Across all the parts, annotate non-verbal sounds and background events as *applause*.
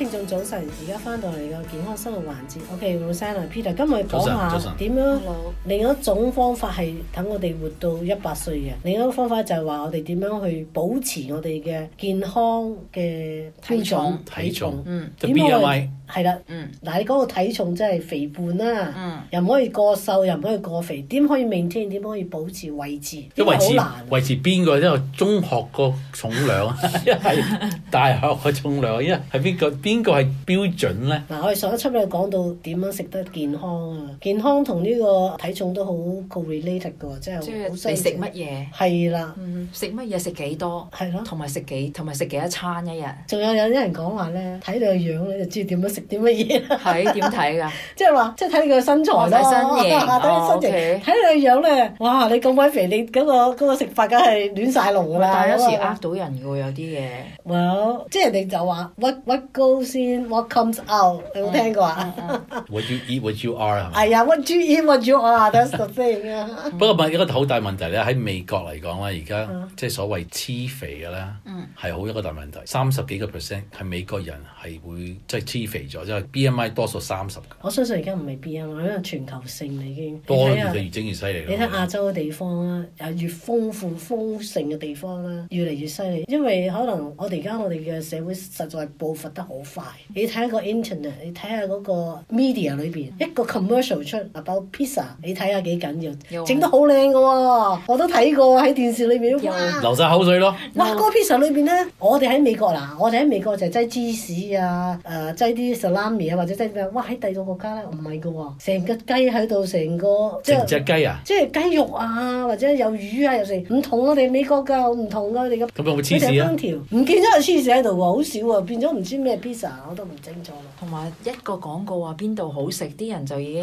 聽眾早晨，而家翻到嚟嘅健康生活環節，OK，老生啊 Peter，今日講下點樣,樣另一種方法係等我哋活到一百歲嘅，另一種方法就係話我哋點樣去保持我哋嘅健康嘅體重，體重，體重體重嗯，點可以係啦，嗯，嗱你嗰個體重真係肥胖啦、啊，嗯、又唔可以過瘦，又唔可以過肥，點可以 maintain 點可以保持維持、啊，因為好難維持邊個，因為中學個重量，一係大學個重量，一係邊個邊？邊個係標準咧？嗱，我哋上一輯咧講到點樣食得健康啊，健康同呢個體重都好 correlated 嘅喎，即係你食乜嘢？係啦，食乜嘢食幾多？係咯，同埋食幾同埋食幾多餐一日？仲有有啲人講話咧，睇你個樣你就知點樣食啲乜嘢。係點睇㗎？即係話，即係睇你個身材，睇身形，睇你身形，睇你個樣咧。哇！你咁鬼肥，你嗰個嗰個食法梗係亂曬路㗎啦。但係有時呃到人㗎喎，有啲嘢。Well，即係人哋就話屈屈高。What comes out 你有冇聽過啊？What you eat, what you are 係嘛？哎呀，what you eat, what you a r e t h a 不過問一個好大問題咧，喺美國嚟講咧，而家即係所謂黐肥嘅啦，係好一個大問題。三十幾個 percent 係美國人係會即係黐肥咗，即係 BMI 多數三十。我相信而家唔係 BMI，因為全球性已經多越嚟越精越犀利。你睇亞洲嘅地方啦，又越豐富豐盛嘅地方啦，越嚟越犀利。因為可能我哋而家我哋嘅社會實在暴發得好。你睇下個 internet，你睇下嗰個 media 裏邊一個 commercial 出嗱包 pizza，你睇下幾緊要，整、啊、得好靚嘅喎，我都睇過喺電視裏邊。哇！流晒口水咯！哇，嗰、那個 pizza 裏邊咧，我哋喺美國嗱，我哋喺美國就係擠芝士啊，誒、呃、擠啲 salami 啊，或者擠咩？哇，喺第二個國家咧唔係嘅喎，成、哦、個雞喺度，成個成隻雞啊！即係雞肉啊，或者有魚啊，又食唔同我哋美國嘅，唔同嘅我哋咁。咁樣會黐線唔見咗個芝士喺度喎，好少喎、啊，變咗唔知咩？我都唔清楚。同埋一個廣告話邊度好食，啲人就已經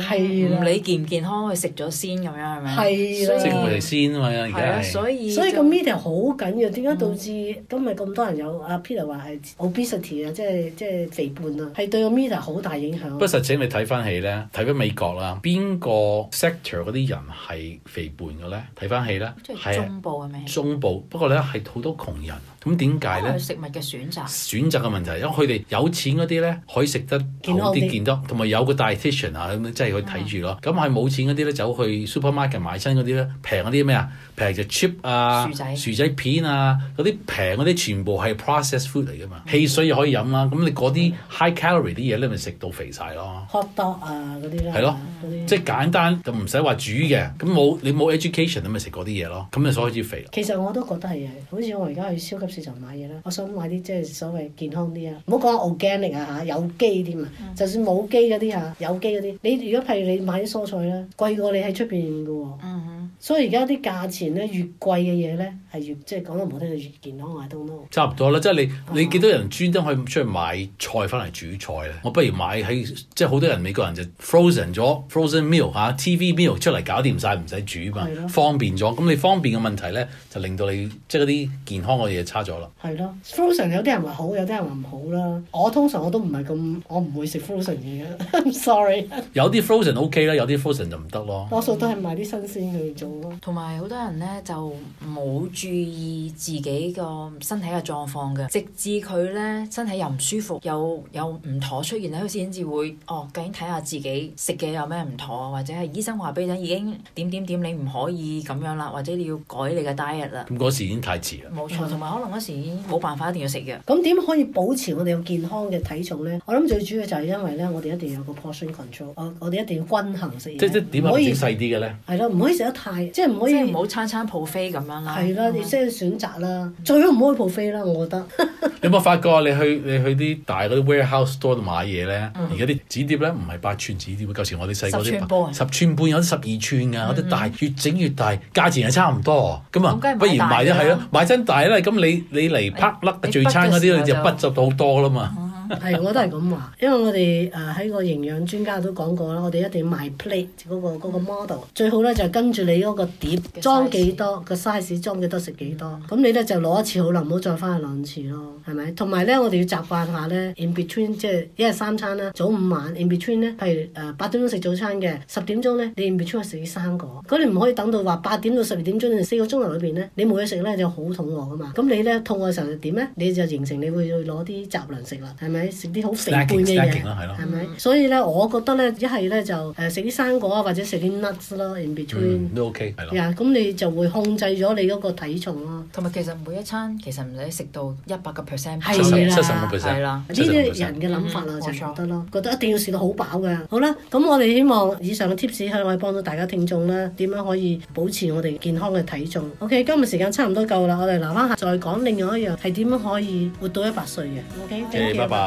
唔理健唔健康去食咗先咁樣，係咪？係啦，食哋先啊嘛，而家係。所以個 media 好緊要，點解導致今日咁多人有阿 Peter 話係 obesity 啊，即係，即係即係肥胖啊，係對個 media 好大影響。不實請你睇翻起咧，睇翻美國啦，邊個 sector 嗰啲人係肥胖嘅咧？睇翻起咧，係中部係咪？中部不過咧係好多窮人，咁點解咧？食物嘅選擇選擇嘅問題，因為佢哋有錢嗰啲咧可以食。得好啲，見得同埋有個 dietitian 啊咁樣，即係去睇住咯。咁係冇錢嗰啲咧，走去 supermarket 買新嗰啲咧，平嗰啲咩啊？平就 cheap 啊，薯仔薯仔片啊，嗰啲平嗰啲全部係 processed food 嚟噶嘛。汽水可以飲啦。咁你嗰啲 high calorie 啲嘢咧，你咪食到肥晒咯。Hot dog 啊，嗰啲咧，係咯，即係簡單就唔使話煮嘅。咁冇你冇 education，你咪食嗰啲嘢咯。咁咪所以先肥。其實我都覺得係好似我而家去超級市場買嘢啦，我想買啲即係所謂健康啲啊。唔好講 organic 啊嚇，有機。啲點啊？ *noise* 就算冇機嗰啲啊，有機嗰啲，你如果譬如你買啲蔬菜啦，貴過你喺出邊嘅喎。 *noise* 所以而家啲價錢咧越貴嘅嘢咧係越即係講得唔好聽，就越健康啊，I don't know。差唔多啦，即係你、uh huh。你幾多人專登去出去買菜翻嚟煮菜咧？我不如買喺即係好多人美國人就 frozen 咗 frozen meal 吓、啊、TV meal 出嚟搞掂晒，唔使煮嘛，的方便咗。咁你方便嘅問題咧，就令到你即係嗰啲健康嘅嘢差咗啦。係咯，frozen 有啲人話好，有啲人話唔好啦。我通常我都唔係咁，我唔會食 frozen 嘅。 *laughs* 'm sorry。有啲 frozen OK 啦，有啲 frozen 就唔得咯。多數都係買啲新鮮嘅。同埋好多人咧就冇注意自己個身體嘅狀況嘅，直至佢咧身體又唔舒服，又有唔妥出現咧，先至會哦，究竟睇下自己食嘅有咩唔妥，或者係醫生話俾你聽，已經點點點，你唔可以咁樣啦，或者你要改你嘅 diet 啦。咁嗰時已經太遲啦錯。冇錯，同埋可能嗰時已經冇辦法，一定要食藥。咁點可以保持我哋有健康嘅體重咧？我諗最主要就係因為咧，我哋一定要有個 portion control，我哋一定要均衡食嘢。即即點可以細啲嘅咧？係咯，唔可以食得太。即係唔可以唔好餐餐 buffet 咁樣啦，係啦，你即係選擇啦，最好唔可以 buffet 啦，我覺得。你有冇發覺你去你去啲大嗰啲 warehouse store 度買嘢咧？而家啲紙碟咧唔係八寸紙碟，舊時我哋細個啲十寸半，有十二寸㗎，嗰啲大越整越大，價錢係差唔多，咁啊，不如買咗係咯，買真大啦，咁你你嚟啪 a 粒聚餐嗰啲你就不集到好多啦嘛。係， *laughs* 我都係咁話，因為我哋誒喺個營養專家都講過啦，我哋一定要買 plate 嗰、嗰個嗰、嗰個、model，最好咧就係、跟住你嗰個碟裝幾多的 size 個 size 裝幾多食幾多，咁、mm hmm. 你咧就攞一次好啦，唔好再翻去兩次咯，係咪？同埋咧，我哋要習慣一下咧，in between 即係一日三餐啦，早午晚 in between 呢，譬如八點鐘食早餐嘅，十點鐘咧你 in between 食啲生果，咁你唔可以等到話八點到十二點鐘，你四個鐘頭裏面咧你冇嘢食咧就好肚餓噶嘛，咁你咧肚餓嘅時候點咧，你就形成你會去攞啲雜糧食啦，係咪？食啲好肥胖嘅嘢，係咪？所以咧，我覺得咧，一係咧就誒食啲生果啊，或者食啲 nuts 咯 in between 都 OK，係咯。咁你就會控制咗你嗰個體重咯。同埋其實每一餐其實唔使食到一百個 percent，係啦，七十個 percent 啦，呢啲人嘅諗法啊就唔得咯，覺得一定要食到好飽嘅。好啦，咁我哋希望以上嘅 tips 可以幫到大家聽眾啦，點樣可以保持我哋健康嘅體重？OK，今日時間差唔多夠啦，我哋留翻下再講另外一樣係點樣可以活到一百歲嘅。OK，多謝。bye bye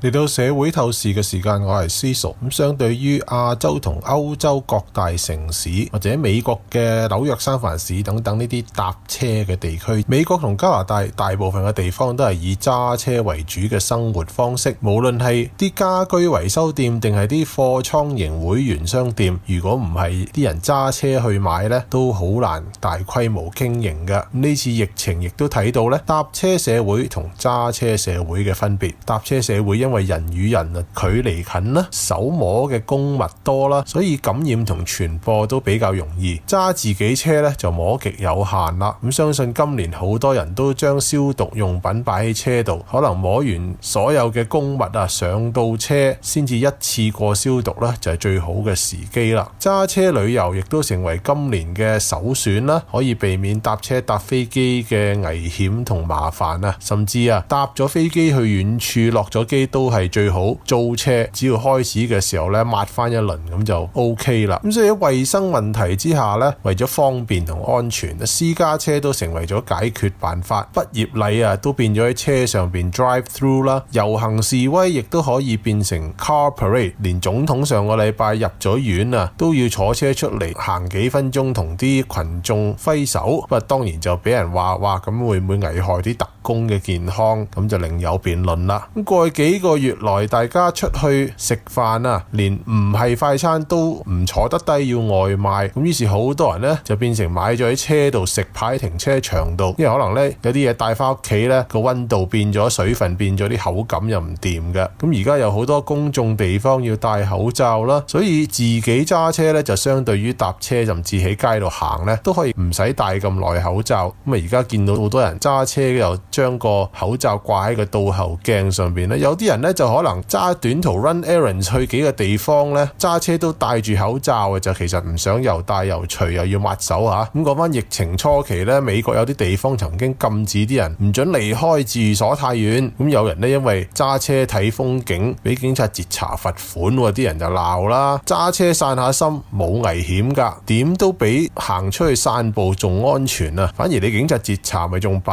嚟到社會透視嘅時間，我係思熟。咁相對於亞洲同歐洲各大城市，或者美國嘅紐約、三藩市等等呢啲搭車嘅地區，美國同加拿大大部分嘅地方都係以揸車為主嘅生活方式。無論係啲家居維修店定係啲貨倉型會員商店，如果唔係啲人揸車去買呢，都好難大規模經營嘅。咁呢次疫情亦都睇到呢，搭車社會同揸車社會嘅分別。搭車社會因為人與人啊距離近啦，手摸嘅公物多啦，所以感染同傳播都比較容易。揸自己車咧就摸極有限啦。咁相信今年好多人都將消毒用品擺喺車度，可能摸完所有嘅公物啊，上到車先至一次過消毒咧，就係最好嘅時機啦。揸車旅遊亦都成為今年嘅首選啦，可以避免搭車搭飛機嘅危險同麻煩啊，甚至啊搭咗飛機去遠處落咗機都。都係最好租車，只要開始嘅時候咧抹翻一輪，咁就 OK 啦。咁所以喺衛生問題之下咧，為咗方便同安全，私家車都成為咗解決辦法。畢業禮啊，都變咗喺車上邊 drive through 啦。遊行示威亦都可以變成 car parade。連總統上個禮拜入咗院啊，都要坐車出嚟，行幾分鐘，同啲群眾揮手。不過當然就俾人話哇，咁會唔會危害啲特。公嘅健康，咁就另有辯論啦。咁過去幾個月來，大家出去食飯啊，連唔係快餐都唔坐得低要外賣。咁於是好多人呢，就變成買咗喺車度食，泊喺停車場度。因為可能呢，有啲嘢帶翻屋企呢，個溫度變咗，水分變咗，啲口感又唔掂嘅。咁而家有好多公眾地方要戴口罩啦，所以自己揸車呢，就相對於搭車甚至喺街度行呢，都可以唔使戴咁耐口罩。咁啊而家見到好多人揸車又。將個口罩掛喺個倒後鏡上邊咧，有啲人咧就可能揸短途 run errands 去幾個地方咧，揸車都戴住口罩嘅就其實唔想又戴又除又要抹手吓。咁講翻疫情初期咧，美國有啲地方曾經禁止啲人唔准離開住所太遠，咁有人呢，因為揸車睇風景俾警察截查罰款，啲人就鬧啦。揸車散下心冇危險㗎，點都比行出去散步仲安全啊！反而你警察截查咪仲弊，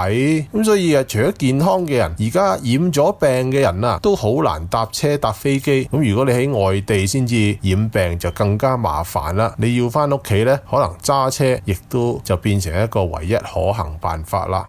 咁所以。除咗健康嘅人，而家染咗病嘅人啊，都好難搭車搭飛機。咁如果你喺外地先至染病，就更加麻煩啦。你要翻屋企咧，可能揸車亦都就變成一個唯一可行辦法啦。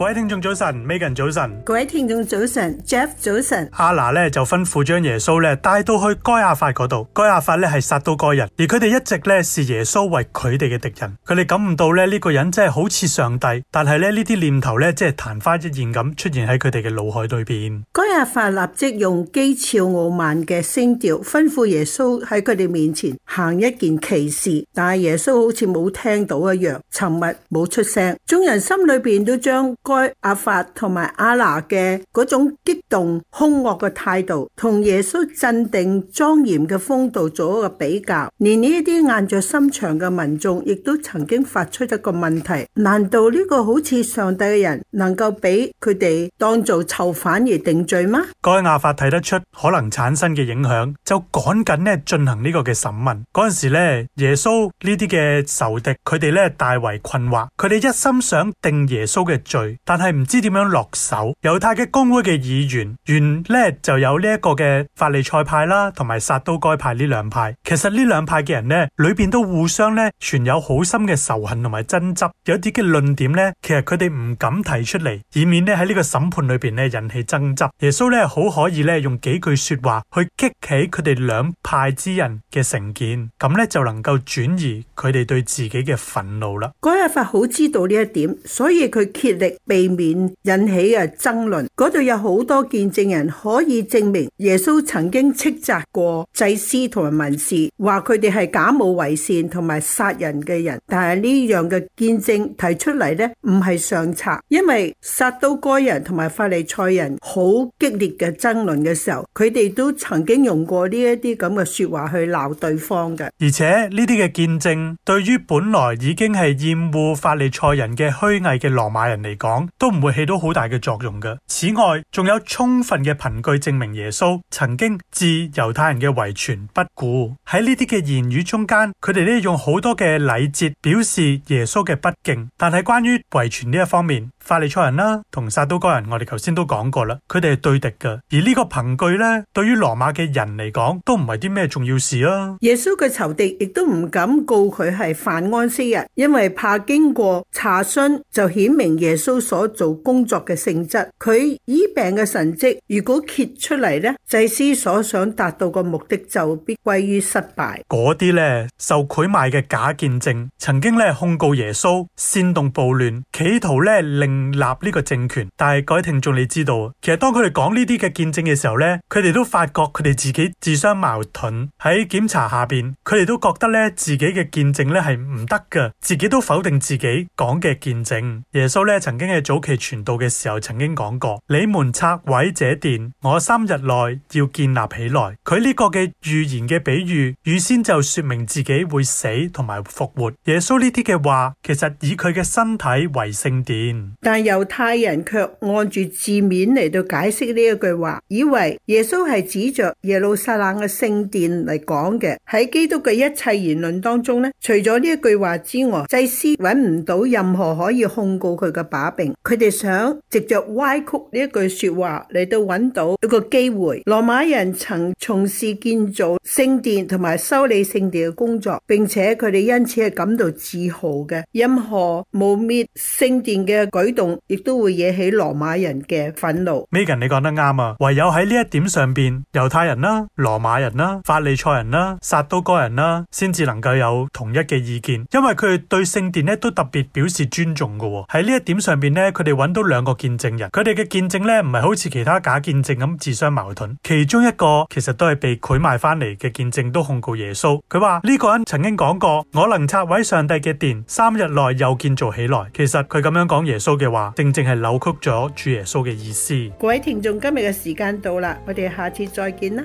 各位聽眾早晨，Megan 早晨，各位聽眾早晨，Jeff 早晨，阿拿咧就吩咐將耶穌咧帶到去該亞法嗰度，該亞法咧係殺到該人，而佢哋一直咧視耶穌為佢哋嘅敵人，佢哋感悟到咧呢、這個人真係好似上帝，但係咧呢啲念頭咧即係曇花一現咁出現喺佢哋嘅腦海裏邊。該亞法立即用譏誚傲慢嘅聲調吩咐耶穌喺佢哋面前行一件奇事，但係耶穌好似冇聽到一樣，沉默冇出聲，眾人心裏邊都將。該阿法同埋阿拿嘅嗰種激動凶惡嘅態度，同耶穌鎮定莊嚴嘅風度做一個比較。連呢啲硬着心腸嘅民眾，亦都曾經發出一個問題：難道呢個好似上帝嘅人，能夠俾佢哋當做囚犯而定罪嗎？該亞法睇得出可能產生嘅影響，就趕緊咧進行呢個嘅審問。嗰陣時咧，耶穌呢啲嘅仇敵，佢哋咧大為困惑，佢哋一心想定耶穌嘅罪。但係唔知點樣落手。猶太嘅公會嘅議員，原咧就有呢一個嘅法利賽派啦，同埋撒都該派呢兩派。其實呢兩派嘅人呢裏邊都互相呢存有好深嘅仇恨同埋爭執。有啲嘅論點呢，其實佢哋唔敢提出嚟，以免呢喺呢個審判裏邊呢引起爭執。耶穌咧好可以咧用幾句說話去激起佢哋兩派之人嘅成見，咁呢就能夠轉移佢哋對自己嘅憤怒啦。嗰日法好知道呢一點，所以佢竭力。避免引起嘅爭論，嗰度有好多見證人可以證明耶穌曾經斥責過祭司同埋文士，話佢哋係假冒為善同埋殺人嘅人。但係呢樣嘅見證提出嚟咧，唔係上策，因為撒都該人同埋法利賽人好激烈嘅爭論嘅時候，佢哋都曾經用過呢一啲咁嘅說話去鬧對方嘅。而且呢啲嘅見證，對於本來已經係厭惡法利賽人嘅虛偽嘅羅馬人嚟講，都唔會起到好大嘅作用嘅。此外，仲有充分嘅憑據證明耶穌曾經置猶太人嘅遺傳不顧。喺呢啲嘅言語中間，佢哋呢用好多嘅禮節表示耶穌嘅不敬。但係關於遺傳呢一方面，法利賽人啦、啊、同撒都該人，我哋頭先都講過啦，佢哋係對敵嘅。而呢個憑據呢，對於羅馬嘅人嚟講，都唔係啲咩重要事啊。耶穌嘅仇敵亦都唔敢告佢係犯安息日，因為怕經過查詢就顯明耶穌。所做工作嘅性質，佢醫病嘅神迹，如果揭出嚟咧，祭司所想達到嘅目的就必歸於失敗。嗰啲咧受賄賣嘅假見證，曾經咧控告耶穌煽動暴亂，企圖咧另立呢個政權。但係各位聽眾，你知道，其實當佢哋講呢啲嘅見證嘅時候咧，佢哋都發覺佢哋自己自相矛盾。喺檢查下邊，佢哋都覺得咧自己嘅見證咧係唔得嘅，自己都否定自己講嘅見證。耶穌咧曾經。喺早期傳道嘅時候，曾經講過：你們拆毀這殿，我三日內要建立起來。佢呢個嘅預言嘅比喻，預先就說明自己會死同埋復活。耶穌呢啲嘅話，其實以佢嘅身體為聖殿，但猶太人卻按住字面嚟到解釋呢一句話，以為耶穌係指着耶路撒冷嘅聖殿嚟講嘅。喺基督嘅一切言論當中呢，除咗呢一句話之外，祭司揾唔到任何可以控告佢嘅把柄。佢哋想藉著歪曲呢一句說話嚟到揾到一個機會。羅馬人曾從事建造聖殿同埋修理聖殿嘅工作，並且佢哋因此係感到自豪嘅。任何污衊聖殿嘅舉動亦都會惹起羅馬人嘅憤怒。Megan，你講得啱啊！唯有喺呢一點上邊，猶太人啦、啊、羅馬人啦、啊、法利賽人啦、啊、撒都該人啦、啊，先至能夠有同一嘅意見，因為佢哋對聖殿咧都特別表示尊重嘅喎。喺呢一點上邊。咧，佢哋揾到兩個見證人，佢哋嘅見證呢，唔係好似其他假見證咁自相矛盾。其中一個其實都係被賄賣翻嚟嘅見證，都控告耶穌。佢話呢個人曾經講過，我能拆毀上帝嘅殿，三日內又建造起來。其實佢咁樣講耶穌嘅話，正正係扭曲咗主耶穌嘅意思。各位聽眾，今日嘅時間到啦，我哋下次再見啦。